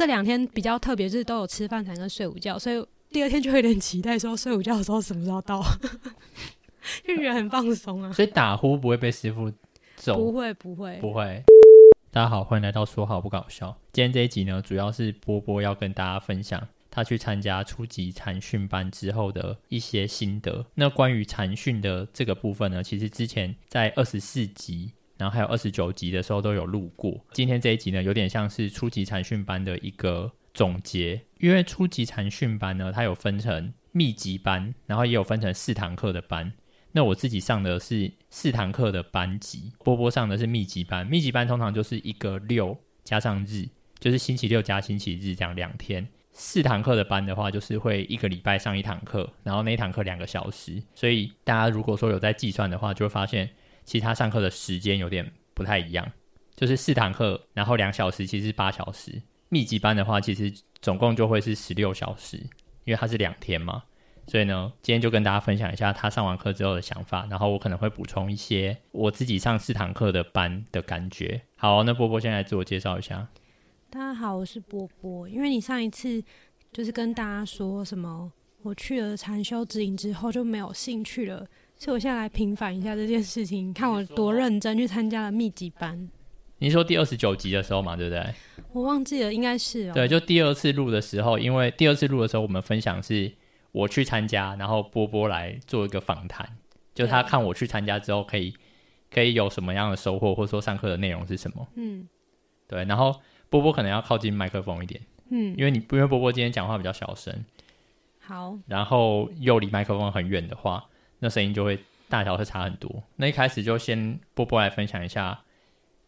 這兩天比較特別，是都有吃飯才能睡午覺，所以第二天就有點期待，說睡午覺的時候什麼時候到，呵呵，因為很放鬆啊。所以打呼不會被師父揍。不會不會不會。大家好，歡迎來到《說好不搞笑》。今天這一集呢，主要是波波要跟大家分享他去參加初級禪訓班之後的一些心得。那關於禪訓的這個部分呢，其實之前在二十四集。然後還有二十九集的時候都有錄過。今天這一集呢，有點像是初級禪訓班的一個總結，因為初級禪訓班呢，它有分成密集班，然後也有分成四堂課的班。那我自己上的是四堂課的班級，波波上的是密集班。密集班通常就是一個六加上日，就是星期六加星期日這樣兩天。四堂課的班的話，就是會一個禮拜上一堂課，然後那一堂課兩個小時。所以大家如果說有在計算的話，就會發現。其實他上課的時間有點不太一樣，就是四堂課，然後兩小時，其實是八小時。密集班的話，其實總共就會是十六小時，因為它是兩天嘛。所以呢，今天就跟大家分享一下他上完課之後的想法，然後我可能會補充一些我自己上四堂課的班的感覺。好，那波波先來自我介紹一下。大家好，我是波波。因為你上一次就是跟大家說什麼，我去了禪修指引之後就沒有興趣了。所以我先來平反一下這件事情，你看我多認真去參加了密集班。你說第二十九集的時候嘛，對不對？我忘記了，應該是、喔、對。就第二次錄的時候，因為第二次錄的時候，我們分享是我去參加，然後波波來做一個訪談，對就他看我去參加之後，可以可以有什麼樣的收穫，或者說上課的內容是什麼？嗯，對。然後波波可能要靠近麥克風一點，嗯因，因為你因為波波今天講話比較小聲，好，然後又離麥克風很遠的話。那聲音就會大小會差很多。那一開始就先波波來分享一下，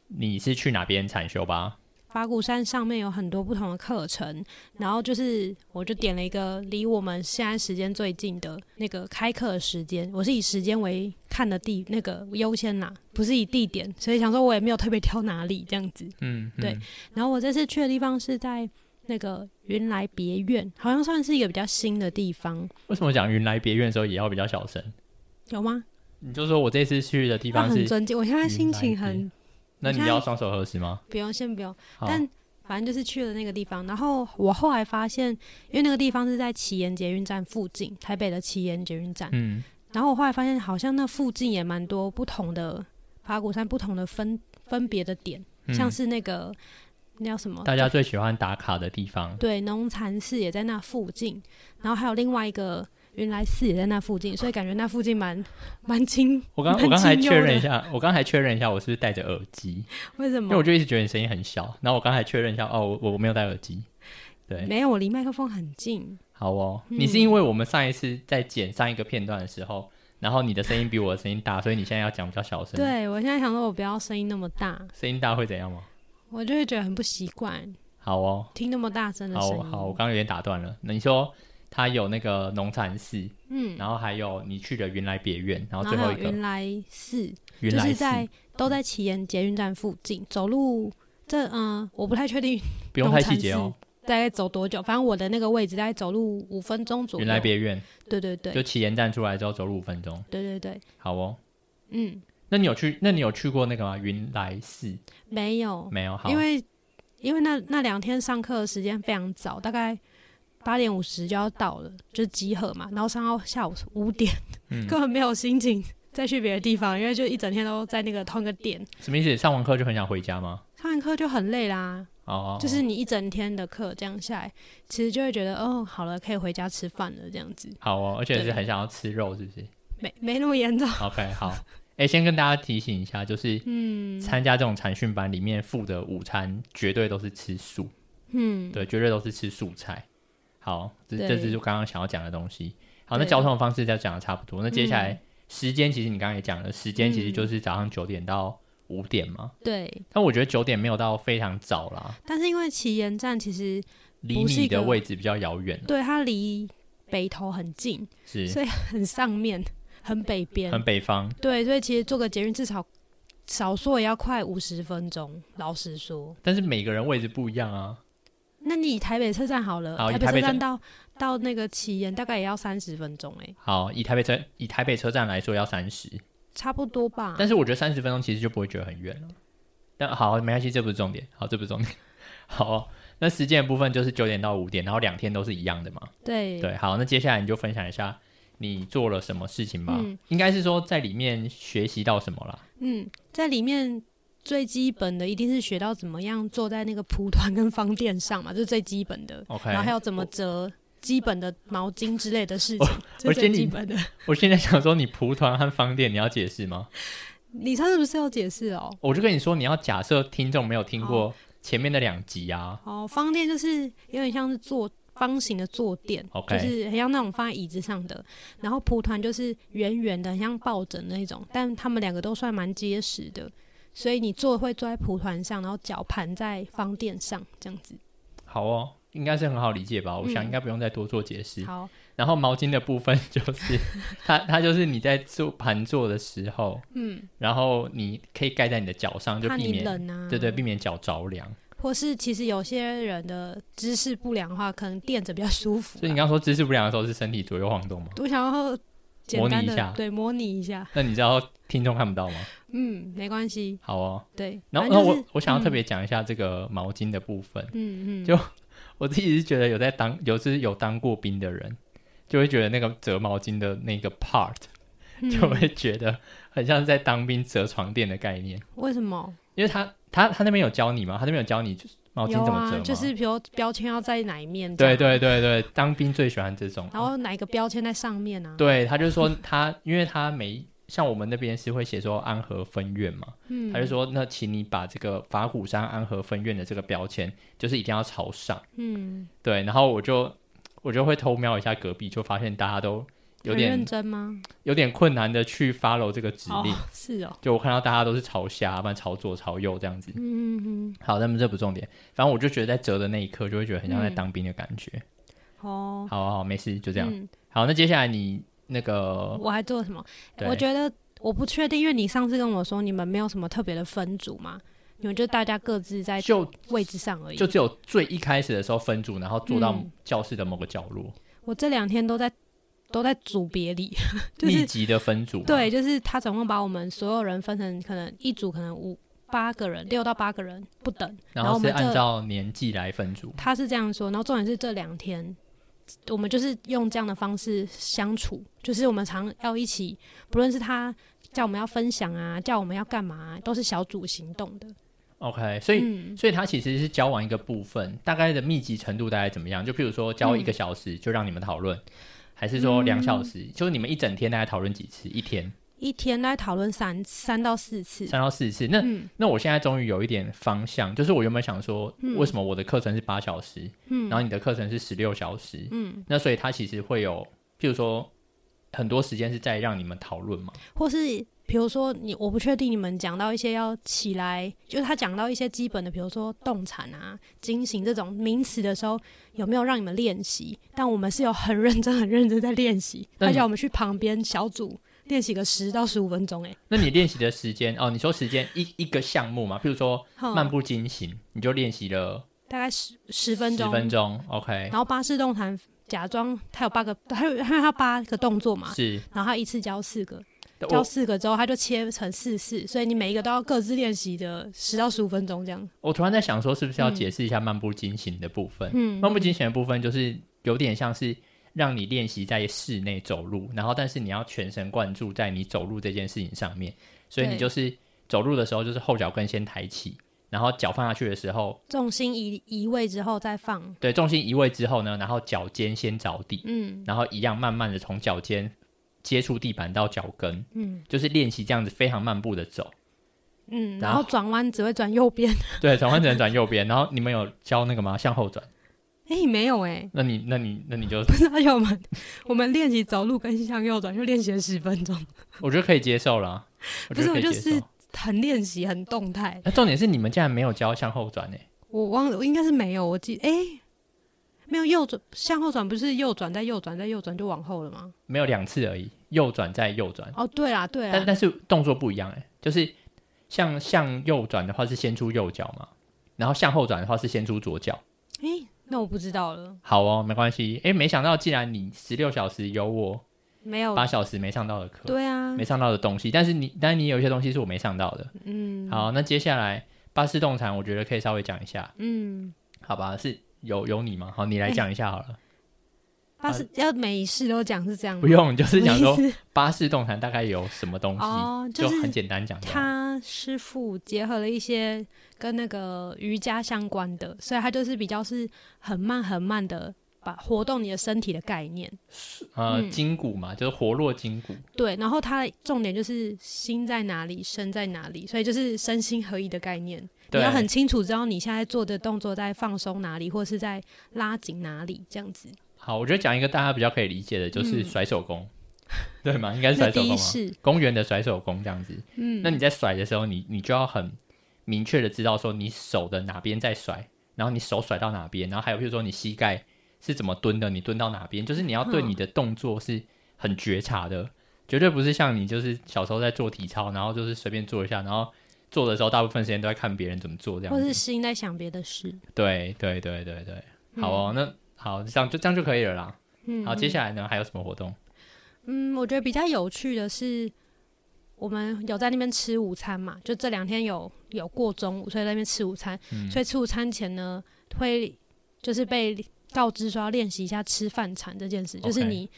你是去哪邊禪修吧？法鼓山上面有很多不同的課程，然後就是我就點了一個離我們現在時間最近的那個開課時間。我是以時間為看的地那個優先啦，不是以地點，所以想說我也沒有特別挑哪裡這樣子。嗯，嗯對。然後我這次去的地方是在那個雲來別院，好像算是一個比較新的地方。為什麼我講雲來別院的時候也要比較小聲？有嗎？你就說我這次去的地方是、啊、很尊敬，我現在心情很。嗯、那你不要雙手合十嗎？不用，先不用。好但反正就是去了那個地方，然後我後來發現，因為那個地方是在奇岩捷運站附近，台北的奇岩捷運站。嗯。然後我後來發現，好像那附近也蠻多不同的法鼓山不同的分分別的點，嗯、像是那個那叫什麼？大家最喜歡打卡的地方。對，農禪寺也在那附近，然後還有另外一個。雲來寺也在那附近，所以感覺那附近蠻蠻近。我剛我剛才確認一下，我剛才確認一下，我是不是戴着耳機？為什麼？因為我就一直覺得你聲音很小。那我剛才確認一下，哦，我我沒有戴耳機。對，沒有，我離麥克風很近。好哦，嗯，你是因為我們上一次在剪上一個片段的時候，然後你的聲音比我的聲音大， 所以你現在要講比較小聲。對，我現在想說，我不要聲音那麼大。聲音大會怎樣？嗎？我就會覺得很不習慣。好哦，聽那麼大聲的時候。好好，我剛剛有點打斷了。那你說。他有那個農禪寺，嗯，然後還有你去的雲來別院，然後最後一個雲來寺，雲來是在都在奇岩捷運站附近，走路這嗯，我不太確定，不用太細節哦，大概走多久？反正我的那個位置大概走路五分鐘左右。雲來別院，對對對，就奇岩站出來之後走路五分鐘，對對對，好哦，嗯，那你有去？那你有去過那個嗎？雲來寺？沒有，沒有，因為因為那那兩天上課的時間非常早，大概。八點五十就要到了，就集合嘛。然後上到下午五點，嗯，根本沒有心情再去別的地方，因為就一整天都在那個通個電。什麼意思？上完課就很想回家嗎？上完課就很累啦。哦,哦，就是你一整天的課這樣下來，其實就會覺得哦，好了，可以回家吃飯了這樣子。好哦，而且是很想要吃肉，是不是？沒沒那麼嚴重。OK，好、 欸，先跟大家提醒一下，就是嗯，參加這種禪訓班裡面附的午餐絕對都是吃素，嗯，對，絕對都是吃素菜。好，這對這是就剛剛想要講的東西。好，那交通的方式就講的差不多。對那接下來、嗯、時間，其實你剛才也講了，時間其實就是早上九點到五點嘛？嗯、對。但我覺得九點沒有到非常早啦。但是因為旗延站其實離你的位置比較遙遠，對，它離北頭很近，是，所以很上面，很北邊，很北方。對，所以其實做個捷運至少少說也要快五十分鐘。老實說，但是每個人位置不一樣啊。那你以台北車站好了。好，台北車站到車到那個奇岩，大概也要三十分鐘誒、欸，好，以台北車以台北車站來說要三十，差不多吧。但是我覺得三十分鐘其實就不會覺得很遠了。嗯、但好，沒關係，這不是重點。好，這不是重點。好，那時間的部分就是九點到五點，然後兩天都是一樣的嘛？對對。好，那接下來你就分享一下你做了什麼事情吧？嗯、應該是說在裡面學習到什麼了？嗯，在裡面。最基本的一定是學到怎麼樣坐在那個蒲團跟方墊上嘛，這是最基本的。Okay. 然後還要怎麼折基本的毛巾之類的事情，這是、oh, 最基本的。我現在想說，你蒲團和方墊，你要解釋嗎？你他是不是要解釋哦？我就跟你說，你要假設聽眾沒有聽過前面的兩集啊。哦，方墊就是有點像是坐方形的坐墊，Okay. 就是很像那種放在椅子上的。然後蒲團就是圓圓的，很像抱枕那種，但他們兩個都算蠻結實的。所以你坐會坐在蒲團上，然後腳盤在方墊上，這樣子。好哦，應該是很好理解吧？嗯、我想應該不用再多做解釋。好，然後毛巾的部分就是， 它它就是你在做盤坐的時候，嗯，然後你可以蓋在你的腳上，就避免冷、啊，對對，避免腳着涼。或是其實有些人的姿勢不良的話，可能墊著比較舒服、啊。所以你剛，剛說姿勢不良的時候是身體左右晃動嗎？我想要簡單的模擬一下，對，模擬一下。那你知道？聽眾看不到嗎？嗯，沒關係。好哦，對。就是、然後，然我、嗯、我想要特別講一下這個毛巾的部分。嗯嗯。嗯，就我自己是覺得有在當，有是有當過兵的人，就會覺得那個折毛巾的那個 part、嗯、就會覺得很像是在當兵折床墊的概念。為什麼？因為他他他那邊有教你嗎？他那邊有教你毛巾怎麼折嗎？啊、就是比如標籤要在哪一面？對對對對，當兵最喜歡這種。然後哪一個標籤在上面呢、啊嗯？對，他就說他，因為他沒 像我們那邊是會寫說安和分院嘛，嗯，他就說那請你把這個法鼓山安和分院的這個標籤，就是一定要朝上。嗯，對，然後我就我就會偷瞄一下隔壁，就發現大家都有點認真嗎？有點困難的去 follow 這個指令，哦是哦。就我看到大家都是朝下，不然朝左朝右這樣子。嗯嗯嗯。嗯嗯好，那麼這不重點，反正我就覺得在折的那一刻，就會覺得很像在當兵的感覺。哦，嗯，好好，沒事，就這樣。嗯，好，那接下來你。那個我還做什麼？對我覺得我不確定，因為你上次跟我說你們沒有什麼特別的分組嘛，你們就大家各自在就位置上而已就，就只有最一開始的時候分組，然後坐到教室的某個角落。嗯、我這兩天都在都在組別裡，立 即、就是、的分組，對，就是他總共把我們所有人分成可能一組，可能五八個人，六到八個人不等，然後是按照年紀來分組。他是這樣說，然後重點是這兩天。我們就是用這樣的方式相處，就是我們常要一起，不論是他叫我們要分享啊，叫我們要幹嘛、啊，都是小組行動的。OK，所以、嗯、所以他其實是交往一個部分，大概的密集程度大概怎麼樣？就比如說交一個小時就讓你們討論，嗯、還是說兩小時？嗯、就是你們一整天大概討論幾次？一天？一天大概討論三三到四次，三到四次。四次。那、嗯、那我現在終於有一點方向，就是我原本想說，為什麼我的課程是八小時，嗯、然後你的課程是十六小時，嗯，那所以他其實會有，比如說很多時間是在讓你們討論嘛，或是比如說你我不確定你們講到一些要起來，就是他講到一些基本的，比如說動禪啊、經行這種名詞的時候，有沒有讓你們練習？但我們是有很認真、很認真在練習，他叫我們去旁邊小組。嗯練習個十到十五分鐘誒、欸， 那你練習的時間哦？你說時間一 一個項目嘛？譬如說慢步經行，你就練習了大概十十分鐘。十分鐘，OK。然後八式動禪，假裝它有八個，他有他有八個動作嘛？是。然後他一次教四個，教四個之後，它就切成四次，我所以你每一個都要各自練習的十到十五分鐘這樣。我突然在想，說是不是要解釋一下慢步經行的部分？嗯，嗯慢步經行的部分就是有點像是。讓你練習在室內走路，然後但是你要全神貫注在你走路這件事情上面，所以你就是走路的時候就是後腳跟先抬起，然後腳放下去的時候重心移移位之後再放，對，重心移位之後呢，然後腳尖先着地，嗯，然後一樣慢慢的從腳尖接觸地板到腳跟，嗯，就是練習這樣子非常慢步的走，嗯，然後，然後轉彎只會轉右邊，對，轉彎只能轉右邊， 然後你們有教那個嗎？向後轉？哎、欸，沒有哎、欸。那你，那你，那你就不是我們， 我們練習走路跟向右轉，就練習了十分鐘。 我覺得可以接受了。 不是，我就是很練習，很動態。那重點是你們竟然沒有教向後轉呢、欸？我忘了，我應該是沒有。我記哎、欸，沒有右轉，向後轉不是右轉再右轉再右轉就往後了嗎？沒有兩次而已，右轉再右轉。哦，對啦，對啦。但但是動作不一樣哎、欸，就是向向右轉的話是先出右腳嘛，然後向後轉的話是先出左腳。哎、欸。那我不知道了。好哦，沒關係。哎、欸，沒想到，既然你十六小時有我，沒有八小時沒上到的課，對啊，沒上到的東西。但是你，但是你有一些東西是我沒上到的。嗯，好，那接下來八式動禪，我覺得可以稍微講一下。嗯，好吧，是有有你嗎？好，你來講一下好了。欸八式、呃、要每一式都講是這樣，不用，就是講說八式動禪大概有什麼東西，就很簡單講。哦就是，他師傅結合了一些跟那個瑜伽相關的，所以他就是比較是很慢很慢的把活動你的身體的概念，呃，筋骨嘛，嗯，就是活絡筋骨。對，然後他的重點就是心在哪裡，身在哪裡，所以就是身心合一的概念。對你要很清楚知道你現在做的動作在放鬆哪裡，或是在拉緊哪裡這樣子。好，我覺得講一個大家比較可以理解的，就是甩手功，嗯、 對嗎？應該是甩手功嗎？ 公園的甩手功這樣子。嗯，那你在甩的時候，你你就要很明確的知道說你手的哪邊在甩，然後你手甩到哪邊，然後還有譬如說你膝蓋是怎麼蹲的，你蹲到哪邊，就是你要對你的動作是很覺察的，嗯、絕對不是像你就是小時候在做體操，然後就是隨便做一下，然後做的時候大部分時間都在看別人怎麼做這樣子，或者是心在想別的事對。對對對對對，嗯、好哦，那。好，這樣就這樣就可以了啦。嗯，好，接下來呢，還有什麼活動？嗯，我覺得比較有趣的是，我們有在那邊吃午餐嘛，就這兩天有有過中午，所以在那邊吃午餐。嗯，所以吃午餐前呢，會就是被告知說要練習一下吃飯禪這件事，Okay 就是你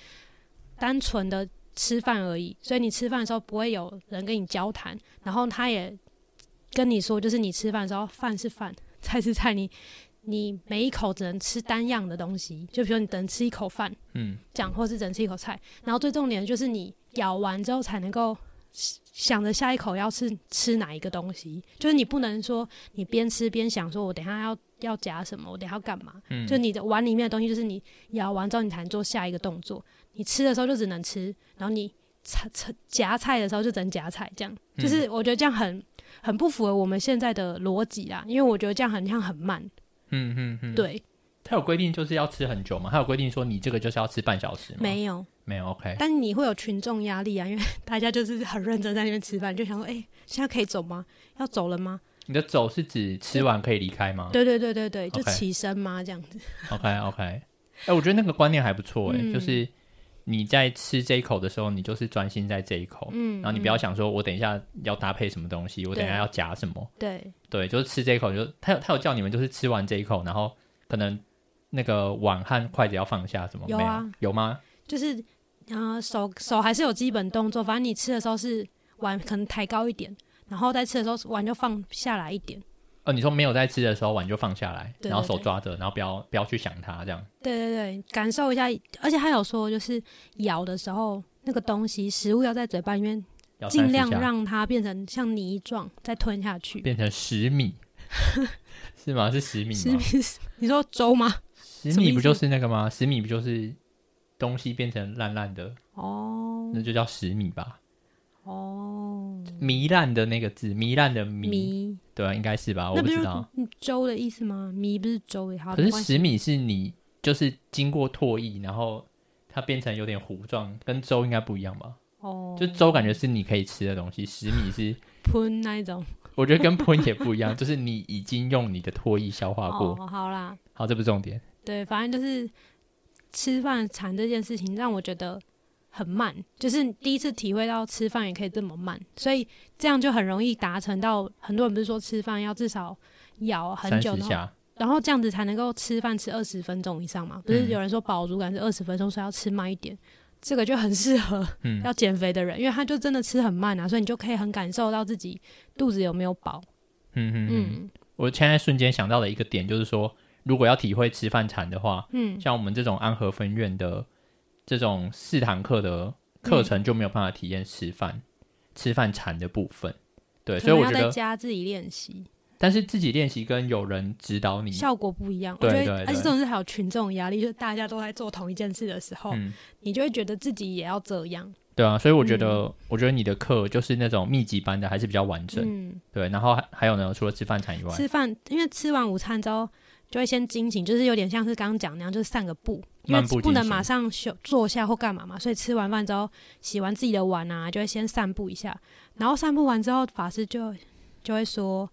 單純的吃飯而已。所以你吃飯的時候不會有人跟你交談，然後他也跟你說，就是你吃飯的時候，飯是飯，菜是菜，你。你每一口只能吃單樣的東西，就比如你只能吃一口飯，嗯，講或是只能吃一口菜。然後最重點的就是你咬完之後才能夠想着下一口要吃吃哪一個東西，就是你不能說你邊吃邊想，說我等一下要要夾什麼，我等一下要幹嘛。嗯，就你的碗裡面的東西，就是你咬完之後你才能做下一個動作。你吃的時候就只能吃，然後你夾，夾菜的時候就只能夾菜。這樣，就是我覺得這樣很很不符合我們現在的邏輯啦，因為我覺得這樣很像很慢。嗯嗯嗯，對，他有規定就是要吃很久嘛，他有規定說，你這個就是要吃半小時嗎？沒有沒有 OK，但是你會有群眾壓力啊，因為大家就是很認真在那邊吃飯，就想說，哎，現在可以走嗎？要走了嗎？你的走是指吃完可以離開嗎？對對對對對，Okay，就起身嗎？這樣子？OK OK，哎，我覺得那個觀念還不錯誒，嗯，就是。你在吃這一口的時候，你就是專心在這一口，嗯，然後你不要想說，我等一下要搭配什麼東西，嗯，我等一下要夾什麼。對，對，對，就是吃這一口。就他有他有叫你們，就是吃完這一口，然後可能那個碗和筷子要放下，什麼沒有，啊？有嗎？就是呃，手手還是有基本動作。反正你吃的時候是碗可能抬高一點，然後再吃的時候碗就放下來一點。哦，你說沒有在吃的時候碗就放下來，對對對，然後手抓着，然後不要不要去想它這樣。對對對，感受一下，而且他有說，就是咬的時候那個東西食物要在嘴巴裡面盡量讓它變成像泥狀再吞下去，變成食糜 是嗎？是食糜？食糜？你說粥嗎？食糜不就是那個嗎？食糜不就是東西變成爛爛的哦，那就叫食糜吧。哦，oh, 糜爛的那個字，糜爛的糜，米對，應該是吧？我不知道，粥的意思嗎？糜不是粥也好。可是食糜是你、嗯、就是經過唾液，然後它變成有點糊狀，跟粥應該不一樣吧？哦，oh, 就粥感覺是你可以吃的東西，食糜是噴 那一種。我覺得跟噴也不一樣， 就是你已經用你的唾液消化過。Oh, 好啦，好，這不是重點。對，反正就是吃飯禪這件事情，讓我覺得。很慢，就是第一次體會到吃飯也可以這麼慢，所以這樣就很容易達成到。很多人不是說吃飯要至少咬很久然，三十下然後這樣子才能夠吃飯吃二十分鐘以上嘛？不，就是有人說飽足感是二十分鐘，嗯、所以要吃慢一點，這個就很適合要減肥的人，嗯、因為他就真的吃很慢啊，所以你就可以很感受到自己肚子有沒有飽。嗯嗯嗯，我現在瞬間想到的一個點就是說，如果要體會吃飯禪的話，嗯，像我們這種安和分院的。這種四堂課的課程就沒有辦法體驗吃飯、嗯、吃飯禪的部分，對，可能 所以我覺得要在家自己練習，但是自己練習跟有人指導你效果不一樣，對對，而且這種是還有群眾壓力，就是大家都在做同一件事的時候，嗯、你就會覺得自己也要這樣，對啊，所以我覺得，嗯、我覺得你的課就是那種密集班的還是比較完整，嗯，對，然後還還有呢，除了吃飯禪以外，吃飯因為吃完午餐之後，就會先經行，就是有點像是剛剛講那樣，就是散個步，因為不能馬上休坐下或幹嘛嘛，所以吃完飯之後洗完自己的碗啊，就會先散步一下。然後散步完之後，法師就就會說：“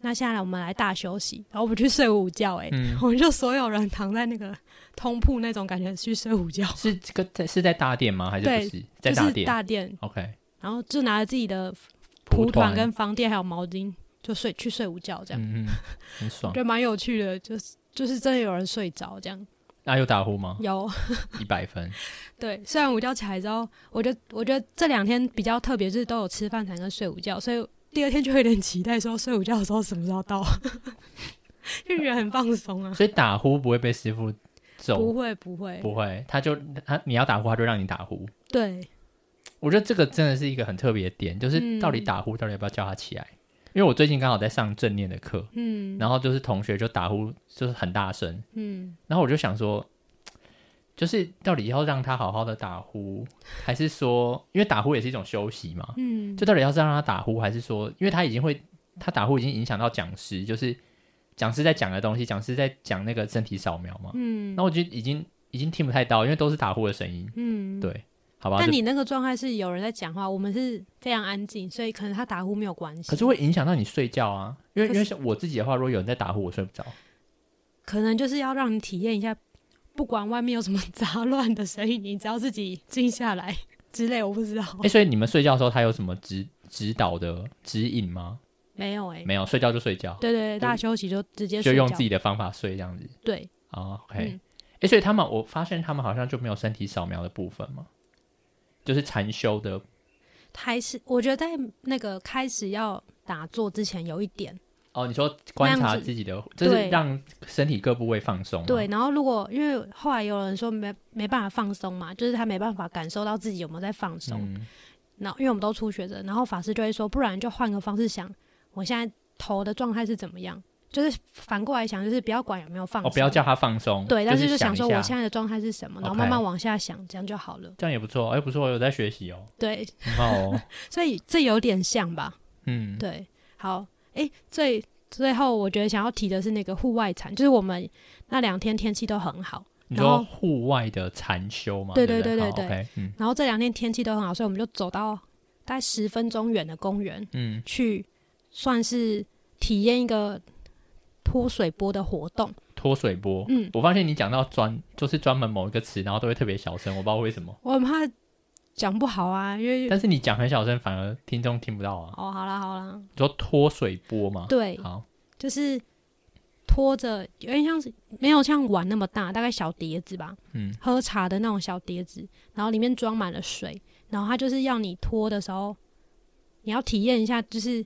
那現在我們來大休息，然後我們去睡午覺、欸。嗯”哎，我們就所有人躺在那個通鋪那種感覺去睡午覺，是這個是在大殿嗎？還是，是對就是大在大殿？OK。然後就拿着自己的蒲團、跟方墊還有毛巾。就睡去睡午覺這樣，嗯，很爽， 就蠻有趣的。就是就是真的有人睡着這樣，那、啊、有打呼嗎？有一百 分。對，雖然午覺起來之後，我覺得我覺得這兩天比較特別，是都有吃飯才能睡午覺，所以第二天就會有點期待，說睡午覺的時候什麼時候到，因為人很放鬆啊。所以打呼不會被師父揍，不會不會不會，不會他就他你要打呼他就讓你打呼。對，我覺得這個真的是一個很特別的點，就是到底打呼到底要不要叫他起來。嗯因為我最近剛好在上正念的課，嗯，然後就是同學就打呼，就是很大聲，嗯，然後我就想說，就是到底要讓他好好的打呼，還是說，因為打呼也是一種休息嘛，嗯，就到底要是讓他打呼，還是說，因為他已經會，他打呼已經影響到講師，就是講師在講的東西，講師在講那個身體掃描嘛，嗯，然後我就已經已經聽不太到，因為都是打呼的聲音，嗯，對。好吧，但你那個狀態是有人在講話，我們是非常安靜，所以可能他打呼沒有關係。可是會影響到你睡覺啊，因為是因為像我自己的話，如果有人在打呼，我睡不着。可能就是要讓你體驗一下，不管外面有什麼雜亂的聲音，你只要自己靜下來之類，我不知道。哎、欸，所以你們睡覺的時候，他有什麼指指導的指引嗎？沒有哎、欸，沒有，睡覺就睡覺。對對對，以大休息就直接睡覺就用自己的方法睡這樣子。對、oh,，OK、嗯。哎、欸，所以他們我發現他們好像就沒有身體掃描的部分嘛。就是禪修的開始，我覺得在那個開始要打坐之前有一點哦，你說觀察自己的，就是讓身體各部位放鬆。對，然後如果因為後來有人說沒沒辦法放鬆嘛，就是他沒辦法感受到自己有沒有在放鬆。那、嗯、因為我們都初學者，然後法師就會說，不然就換個方式想，我現在頭的狀態是怎麼樣？就是反過來想，就是不要管有沒有放鬆，哦，不要叫他放鬆，對。但是就想說，我現在的狀態是什麼，然後慢慢往下想，這樣就好了。這樣也不錯，哎，不錯，我有在學習哦。對，哦，所以這有點像吧？嗯，對。好，哎，最最後，我覺得想要提的是那個戶外禪，就是我們那兩天天氣都很好。你說戶外的禪修嘛。對對對對對。然後這兩天天氣都很好，所以我們就走到大概十分鐘遠的公園，嗯，去算是體驗一個。托水缽的活動，托水缽，嗯，我發現你講到專就是專門某一個詞，然後都會特別小聲，我不知道為什麼，我很怕講不好啊，因為但是你講很小聲，反而聽眾聽不到啊。哦，好啦好啦你說托水缽嘛，對，好，就是拖着，有點像是沒有像碗那麼大，大概小碟子吧，嗯，喝茶的那種小碟子，然後裡面裝滿了水，然後他就是要你拖的時候，你要體驗一下，就是。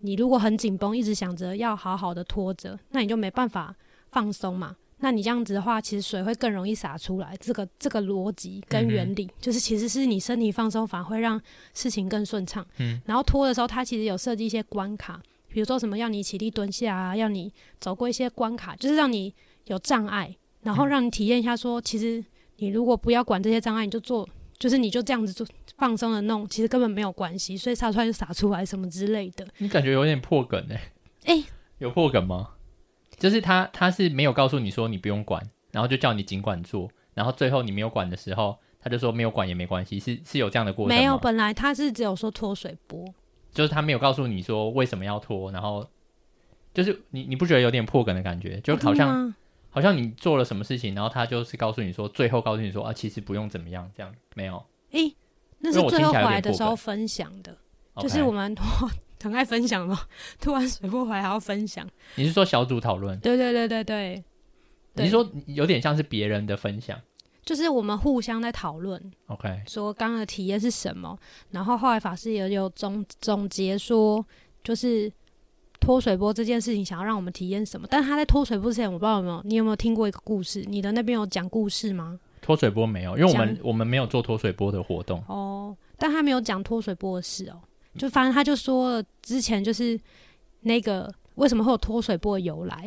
你如果很緊繃，一直想着要好好的托着，那你就沒辦法放鬆嘛。那你這樣子的話，其實水會更容易灑出來。這個這個邏輯跟原理，嗯嗯，就是其實是你身體放鬆，反而會讓事情更順暢。嗯、然後托的時候，它其實有設計一些關卡，比如說什麼要你起立、蹲下啊，要你走過一些關卡，就是讓你有障礙，然後讓你體驗一下說，說其實你如果不要管這些障礙，你就做。就是你就這樣子做，放鬆的弄，其實根本沒有關係，所以撒出來就撒出來什麼之類的。你感覺有點破梗呢、欸？誒、欸，有破梗嗎？就是他他是沒有告訴你說你不用管，然後就叫你儘管做，然後最後你沒有管的時候，他就說沒有管也沒關係，是是有這樣的過程。沒有，本來他是只有說托水缽，就是他沒有告訴你說為什麼要托，然後就是你你不覺得有點破梗的感覺，就好像。嗯啊好像你做了什麼事情，然後他就是告訴你說，最後告訴你說啊，其實不用怎麼樣，這樣沒有？誒，那是最後來我來回來的時候分享的，Okay 就是我們我很愛分享嘛，托水缽回來還要分享。你是說小組討論？對對對對對，對你是說有點像是別人的分享，就是我們互相在討論。OK，說剛剛的體驗是什麼，然後後來法師也有總總結說，就是。托水缽這件事情，想要讓我們體驗什麼？但他在托水缽之前，我不知道有沒有你有沒有聽過一個故事？你的那邊有講故事嗎？托水缽沒有，因為我們想我們沒有做托水缽的活動。哦，但他沒有講托水缽的事哦，就反正他就說了之前就是那個為什麼會有托水缽的由來。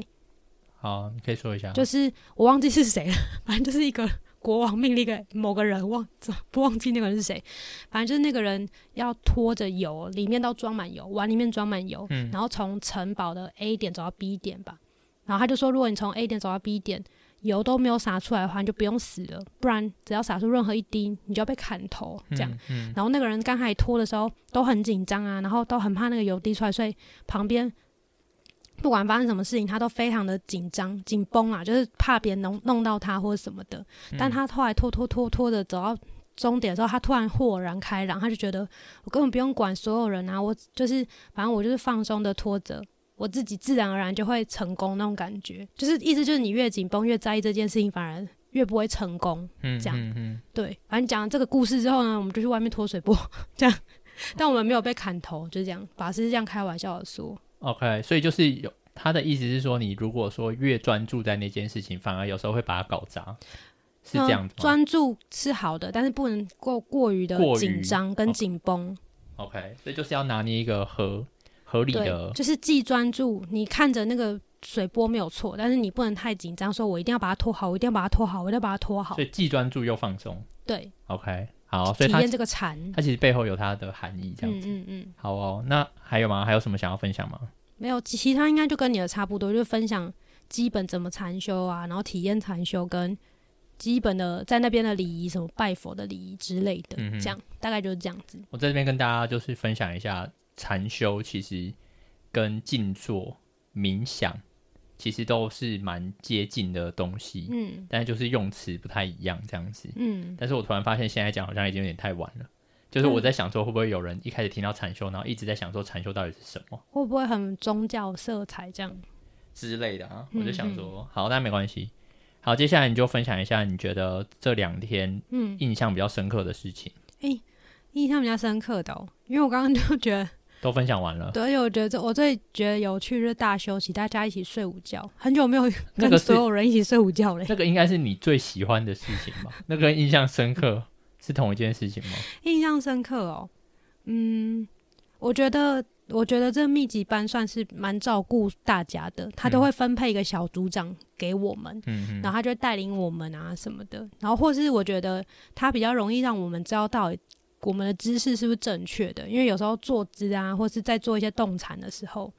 好，你可以說一下。就是我忘記是誰了，反正就是一個。國王命令給某個人，忘不忘記那個人是誰？反正就是那個人要托著油，裡面都裝滿油，碗裡面裝滿油，然後從城堡的 A 點走到 B 點吧。然後他就說，如果你從 A 點走到 B 點，油都沒有灑出來的話，你就不用死了；不然，只要灑出任何一滴，你就要被砍頭。這樣，然後那個人剛開始托的時候都很緊張啊，然後都很怕那個油滴出來，所以旁邊。不管發生什麼事情，他都非常的緊張、緊繃啊，就是怕別人弄弄到他或者什麼的。嗯、但他後來拖拖拖拖的走到終點的時候，他突然豁然開朗，他就覺得我根本不用管所有人啊，我就是反正我就是放鬆的拖着，我自己自然而然就會成功那種感覺。就是意思就是你越緊繃、越在意這件事情，反而越不會成功。嗯，這樣，嗯，嗯嗯對。反正講了這個故事之後呢，我們就去外面托水缽，這樣，嗯、但我們沒有被砍頭，就是這樣。法師是這樣開玩笑的說。OK，所以就是有他的意思是說，你如果說越專注在那件事情，反而有時候會把它搞砸，是這樣子嗎？專注是好的，但是不能過過於的緊張跟緊繃。Okay. OK，所以就是要拿捏一個合合理的，就是既專注，你看着那個水波沒有錯，但是你不能太緊張，說我一定要把它拖好，我一定要把它拖好，我一定要把它拖好，所以既專注又放鬆。對，OK。好，所以體驗這個禪，它其實背後有它的含義，這樣子。嗯嗯，嗯。好哦，那還有嗎？還有什麼想要分享嗎？沒有，其他應該就跟你的差不多，就分享基本怎麼禪修啊，然後體驗禪修跟基本的在那邊的禮儀，什麼拜佛的禮儀之類的，嗯哼。這樣大概就是這樣子。我在這邊跟大家就是分享一下禪修，其實跟靜坐、冥想。其實都是蠻接近的東西，嗯，但是就是用詞不太一樣這樣子，嗯。但是我突然發現，現在講好像已經有點太晚了。就是我在想說，會不會有人一開始聽到禪修，然後一直在想說禪修到底是什麼？會不會很宗教色彩這樣之類的啊？嗯哼，我就想說，好，那沒關係。好，接下來你就分享一下你覺得這兩天嗯，印象比較深刻的事情。哎、嗯欸，印象比較深刻的，哦，因為我剛剛就覺得，都分享完了，對，我覺得這我最覺得有趣就是大休息，大家一起睡午覺，很久沒有跟所有人一起睡午覺了。個這樣個應該是你最喜歡的事情吧？ 那個印象深刻是同一件事情嗎？印象深刻哦，嗯，我覺得我覺得這密集班算是蠻照顧大家的，他都會分配一個小組長給我們，嗯，然後他就帶領我們啊什麼的，然後或者是我覺得他比較容易讓我們知道到。我們的姿勢是不是正確的？因為有時候坐姿啊，或是在做一些動禪的時候，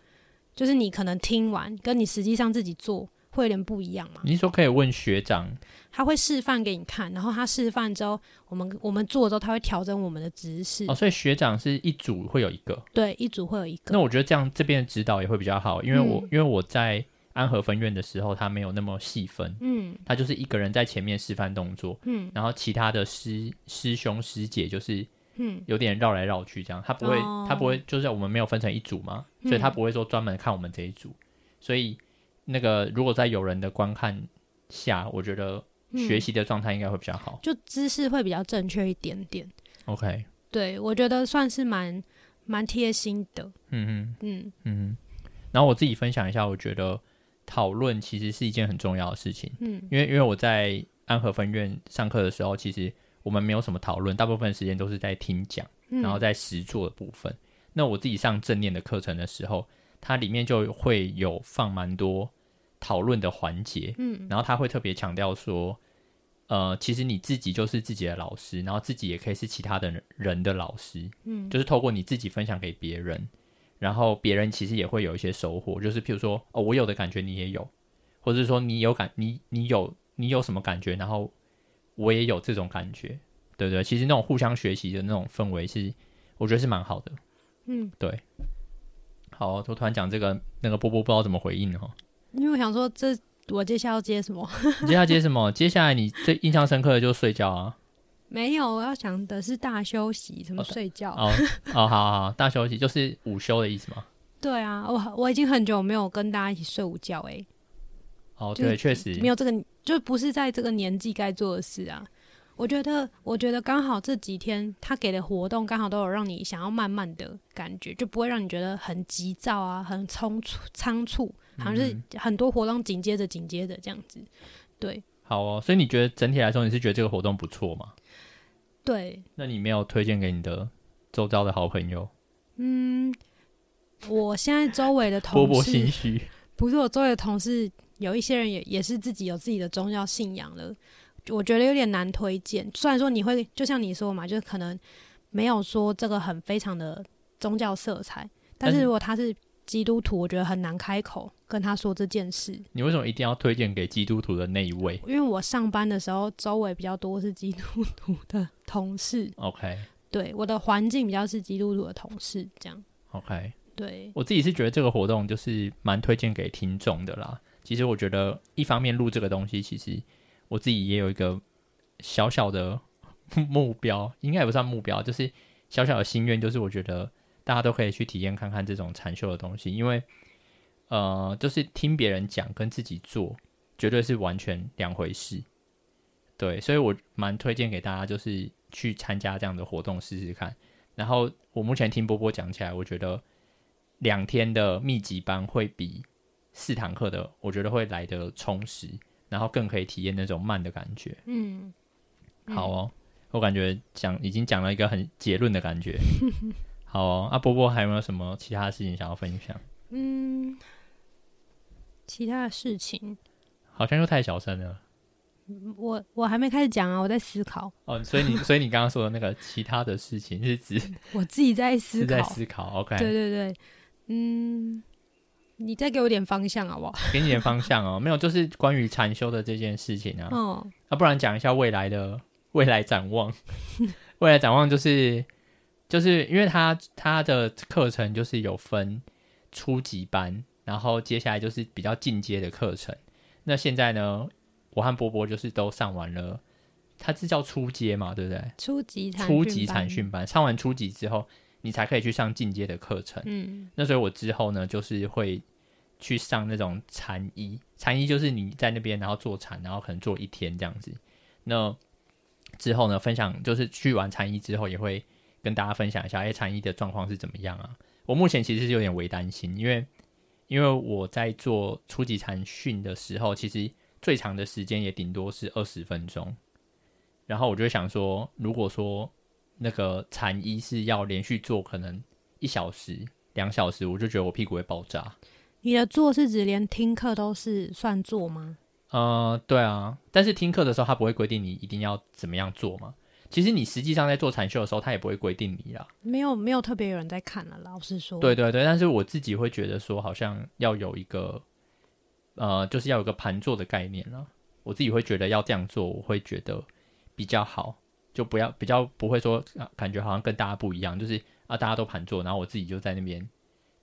就是你可能聽完，跟你實際上自己做會有點不一樣嘛。你是說可以問學長？他會示範給你看，然後他示範之後，我們我們做之後，他會調整我們的姿勢。哦，所以學長是一組會有一個。對，一組會有一個。那我覺得這樣這邊的指導也會比較好，因為我、嗯、因為我在。安和分院的時候，他沒有那麼細分，嗯，他就是一個人在前面示範動作，嗯，然後其他的師師兄師姐就是，嗯，有點繞來繞去這樣，他不會，哦、他不會，就是我們沒有分成一組嘛，嗯、所以他不會說專門看我們這一組，所以那個如果在有人的觀看下，我覺得學習的狀態應該會比較好，就姿勢會比較正確一點點，OK，對，我覺得算是蠻蠻貼心的，嗯哼，嗯嗯嗯，然後我自己分享一下，我覺得。討論其實是一件很重要的事情，嗯，因為因為我在安和分院上課的時候，其實我們沒有什麼討論，大部分時間都是在聽講，嗯，然後在實作的部分。那我自己上正念的課程的時候，它裡面就會有放蠻多討論的環節，嗯，然後他會特別強調說，呃，其實你自己就是自己的老師，然後自己也可以是其他的人的老師，嗯，就是透過你自己分享給別人。然後別人其實也會有一些收穫，就是譬如說哦，我有的感覺你也有，或者說你有感你你有你有什麼感覺，然後我也有這種感覺，對不對？其實那種互相學習的那種氛圍是，我覺得是蠻好的。嗯，對。好，我突然講這個，那個波波不知道怎麼回應哈、啊。因為我想說這，這我接下來要接什麼？ 你接下來接什麼？接下來你最印象深刻的就是睡覺啊。沒有，我要想的是大休息，什麼、哦、睡覺？哦，好、 哦、好好，大休息就是午休的意思嗎？對啊，我我已經很久沒有跟大家一起睡午覺哎。哦，對，就確實沒有這個，就不是在這個年紀該做的事啊。我覺得，我覺得剛好這幾天他給的活動，剛好都有讓你想要慢慢的感覺，就不會讓你覺得很急躁啊，很匆促倉促，好像是很多活動緊接着緊接着這樣子，嗯、哼對。好哦，所以你覺得整體來說，你是覺得這個活動不錯嗎？對。那你沒有推薦給你的周遭的好朋友？嗯，我現在周圍的同事，波波心虛。不是我周圍的同事，有一些人也也是自己有自己的宗教信仰的，我覺得有點難推薦。雖然說你會，就像你說嘛，就是可能沒有說這個很非常的宗教色彩，但是如果他是。基督徒，我覺得很難開口跟他說這件事。你為什麼一定要推薦給基督徒的那一位？因為我上班的時候，周圍比較多是基督徒的同事。OK，對，我的環境比較是基督徒的同事這樣。OK，對我自己是覺得這個活動就是蠻推薦給聽眾的啦。其實我覺得一方面錄這個東西，其實我自己也有一個小小的目標，應該也不算目標，就是小小的心願，就是我覺得。大家都可以去體驗看看這種禪修的東西，因為，呃，就是聽別人講跟自己做，絕對是完全兩回事。對，所以我蠻推薦給大家，就是去參加這樣的活動試試看。然後我目前聽波波講起來，我覺得兩天的密集班會比四堂課的，我覺得會來得充實，然後更可以體驗那種慢的感覺。嗯，嗯，好哦，我感覺講已經講了一個很結論的感覺。 好哦，阿、啊、波波，還有沒有什麼其他的事情想要分享？嗯，其他的事情好像又太小聲了。我我還沒開始講啊，我在思考。哦，所以你所以你剛剛說的那個其他的事情是指 我自己在思考，在思考。OK，對對對，嗯，你再給我點方向好不好？ 給你點方向哦，沒有，就是關於禪修的這件事情啊。哦，那、啊、不然講一下未來的未來展望， 未來展望就是。就是因為他他的課程就是有分初級班，然後接下來就是比較進階的課程。那現在呢，我和波波就是都上完了，他是叫初階嘛，對不對？初級，初級禪訓班，上完初級之後，你才可以去上進階的課程。嗯，那所以我之後呢，就是會去上那種禪一，禪一就是你在那邊然後坐禪，然後可能坐一天這樣子。那之後呢，分享就是去完禪一之後也會跟大家分享一下，哎、欸，禪一的狀況是怎麼樣啊？我目前其實是有點微擔心，因為因為我在做初級禪訓的時候，其實最長的時間也頂多是二十分鐘。然後我就想說，如果說那個禪一是要連續坐可能一小時、兩小時，我就覺得我屁股會爆炸。你的坐是指連聽課都是算坐嗎？呃，對啊，但是聽課的時候他不會規定你一定要怎麼樣坐嗎？其實你實際上在做禪修的時候，他也不會規定你啦。沒有沒有特別有人在看了啦，老實說。對對對，但是我自己會覺得說，好像要有一個呃，就是要有一個盤坐的概念了。我自己會覺得要這樣做，我會覺得比較好，就不要比較不會說感覺好像跟大家不一樣，就是啊，大家都盤坐，然後我自己就在那邊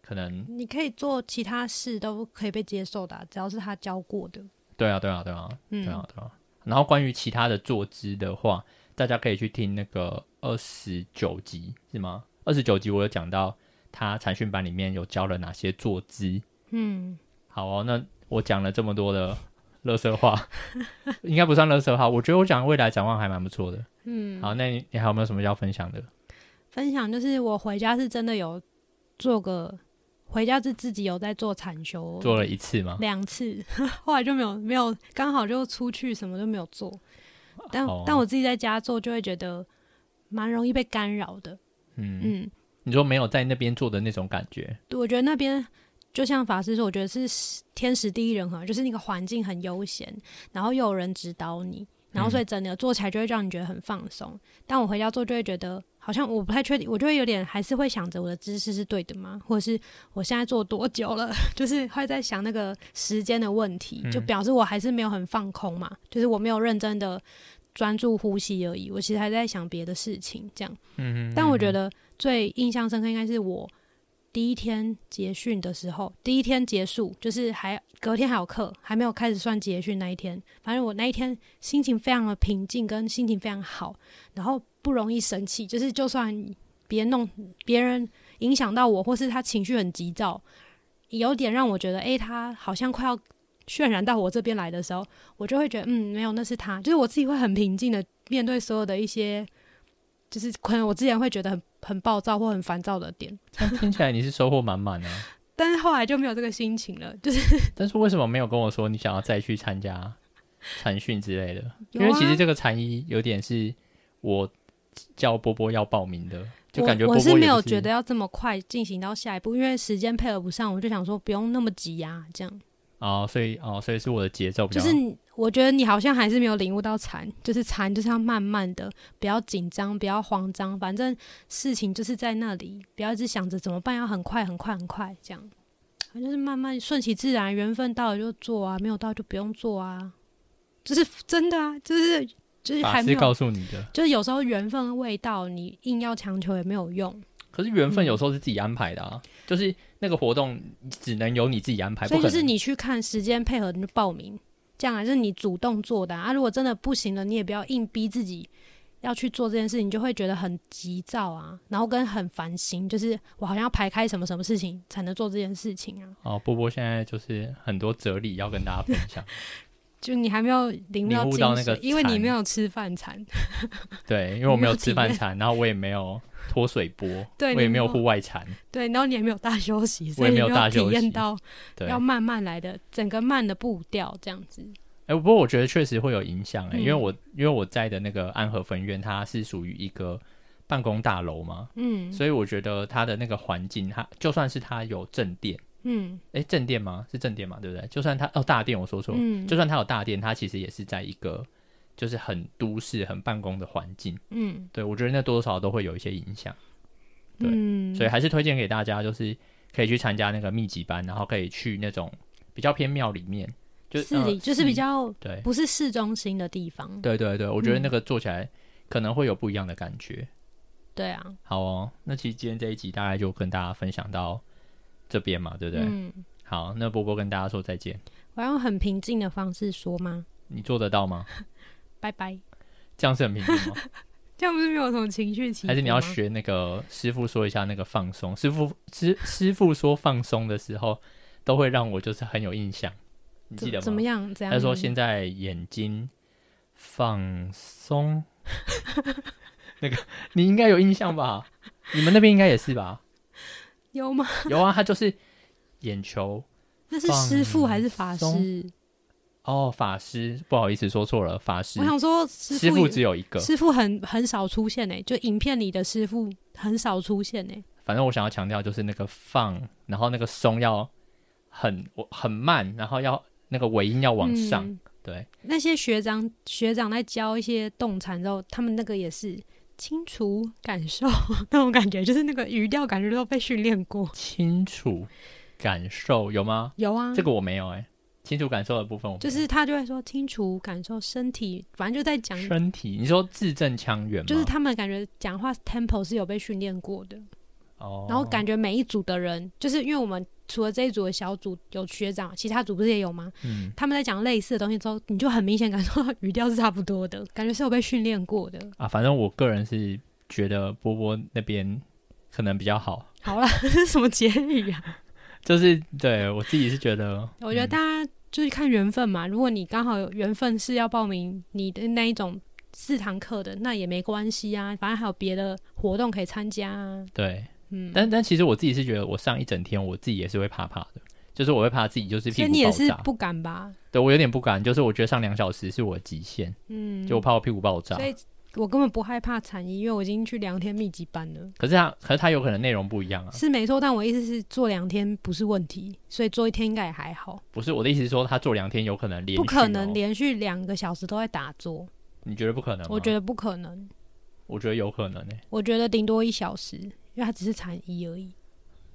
可能你可以做其他事都可以被接受的，啊，只要是他教過的。對啊，對啊，對啊，嗯、對啊，對啊。然後關於其他的坐姿的話。大家可以去聽那個二十九集，是嗎？二十九集我有講到他禪訓班裡面有教了哪些坐姿。嗯，好哦，那我講了這麼多的垃圾話， 應該不算垃圾話。我覺得我講的未來展望還蠻不錯的。嗯，好，那你你還有沒有什麼要分享的？分享就是我回家是真的有做個回家是自己有在做禪修，做了一次嗎？兩次，後來就沒有沒有，剛好就出去什麼都沒有做。但、哦、但我自己在家做，就會覺得蠻容易被干擾的。嗯嗯，嗯，你說沒有在那邊做的那種感覺？對，我覺得那邊就像法師說，我覺得是天時地利人和，就是那個環境很悠閒，然後又有人指導你，然後所以真的做起來就會讓你覺得很放鬆。嗯，但我回家做，就會覺得。好像我不太確定，我就會有點還是會想着我的姿勢是對的嗎？或者是我現在做多久了？就是會在想那個時間的問題，就表示我還是沒有很放空嘛，就是我沒有認真的專注呼吸而已。我其實還在想別的事情，這樣。嗯哼嗯哼。但我覺得最印象深刻應該是我第一天結訓的時候，第一天結束就是還隔天還有課，還沒有開始算結訓那一天。反正我那一天心情非常的平靜，跟心情非常好，然後。不容易生氣，就是就算別人弄別人影響到我，或是他情緒很急躁，有點讓我覺得，哎、欸，他好像快要渲染到我這邊來的時候，我就會覺得，嗯，沒有，那是他，就是我自己會很平靜的面對所有的一些，就是可能我之前會覺得很很暴躁或很煩躁的點。聽起來你是收穫滿滿啊。 但是後來就沒有這個心情了，就是。但是為什麼沒有跟我說你想要再去參加禪訓之類的？啊、因為其實這個禪醫有點是我叫波波要報名的，就感覺波波是我，我是沒有覺得要這麼快進行到下一步，因為時間配合不上，我就想說不用那麼急啊，這樣。哦、啊，所以哦、啊，所以是我的節奏，就是我覺得你好像還是沒有領悟到禪就是禪，就是要慢慢的，不要緊張，不要慌張，反正事情就是在那裡，不要一直想着怎麼辦，要很快很快很快這樣，反正就是慢慢順其自然，緣分到了就做啊，沒有到就不用做啊，就是真的啊，就是。就是還沒有，還是告訴你的，就是有時候緣分未到，你硬要強求也沒有用。可是緣分有時候是自己安排的啊，嗯、就是那個活動只能由你自己安排，所以就是你去看時間配合你就報名，這樣、啊、就是你主動做的啊。啊，如果真的不行了，你也不要硬逼自己要去做這件事情，你就會覺得很急躁啊，然後跟很煩心，就是我好像要排開什麼什麼事情才能做這件事情啊。哦，波波現在就是很多哲理要跟大家分享。 就你還沒有領悟到，你到那個，因為你沒有吃飯禪， 對，因為我沒有吃飯禪，然後我也沒有托水缽， 對，我也沒有戶外禪，對，然後你也沒有大休息，我也沒有大休息，所以你沒有體驗到要慢慢來的對整個慢的步調這樣子。哎、欸，不過我覺得確實會有影響、欸，哎、嗯，因為我因為我在的那個安和分院，它是屬於一個辦公大樓嘛，嗯，所以我覺得它的那個環境，它就算是它有正殿。嗯，哎，正殿嗎？是正殿嘛，對不對？就算它，哦，大殿我說錯了，嗯、就算它有大殿，它其實也是在一個就是很都市、很辦公的環境。嗯，對，我覺得那多多少都會有一些影響。對，嗯、所以還是推薦給大家，就是可以去參加那個密集班，然後可以去那種比較偏廟裡面，就市裡、呃、就是比較對、嗯，不是市中心的地方對。對對對，我覺得那個做起來可能會有不一樣的感覺。嗯、對啊，好哦，那其實今天這一集大概就跟大家分享到這邊嘛，對不對？嗯。好，那波波跟大家說再見。我要用很平靜的方式說嗎？你做得到嗎？拜拜。這樣是很平靜嗎？ 這樣不是沒有什麼情緒起伏？還是你要學那個師傅說一下那個放鬆？師傅師師傅說放鬆的時候，都會讓我就是很有印象。你記得嗎？怎麼樣？怎樣？他說現在眼睛放鬆。 那個你應該有印象吧？ 你們那邊應該也是吧？有嗎？ 有啊，他就是眼球。那是師父還是法師？哦，法師，不好意思說錯了，法師。我想說師父，師父只有一個。師父很很少出現呢，就影片裡的師父很少出現呢。反正我想要強調，就是那個放，然後那個鬆要很很慢，然後要那個尾音要往上。嗯、對，那些學長學長在教一些動禪，之後他們那個也是。清楚感受那種感覺，就是那個語調感覺都被訓練過。清楚感受有嗎？有啊，這個我沒有哎、欸。清楚感受的部分我，就是他就會說清楚感受身體，反正就在講身體。你說字正腔圓嘛，就是他們感覺講話 tempo 是有被訓練過的。哦，然後感覺每一組的人，就是因為我們除了這一組的小組有學長，其他組不是也有嗎？嗯，他們在講類似的東西之後，你就很明顯感受到語調是差不多的，感覺是有被訓練過的啊。反正我個人是覺得波波那邊可能比較好。好了，這是什麼結語啊？ 就是對我自己是覺得，嗯、我覺得大家就是看緣分嘛。如果你剛好有緣分是要報名你的那一種四堂課的，那也沒關係啊，反正還有別的活動可以參加啊。對。嗯，但但其實我自己是覺得，我上一整天，我自己也是會怕怕的，就是我會怕自己就是屁股爆炸，所以你也是不敢吧？對我有點不敢，就是我覺得上兩小時是我的極限，嗯，就我怕我屁股爆炸，所以我根本不害怕禪一，因為我已經去兩天密集班了。可是他可是他有可能內容不一樣啊，是沒錯，但我意思是做兩天不是問題，所以做一天應該也還好。不是我的意思是說，他做兩天有可能連續、哦、不可能連續兩個小時都在打坐？你覺得不可能？我覺得不可能，我覺得有可能呢、欸，我覺得頂多一小時。因為他只是禪一而已，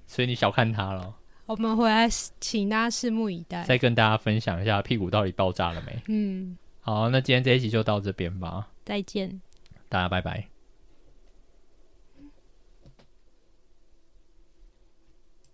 所以你小看他了。我們回來請大家拭目以待，再跟大家分享一下屁股到底爆炸了沒？嗯，好，那今天這一集就到這邊吧。再見，大家拜拜。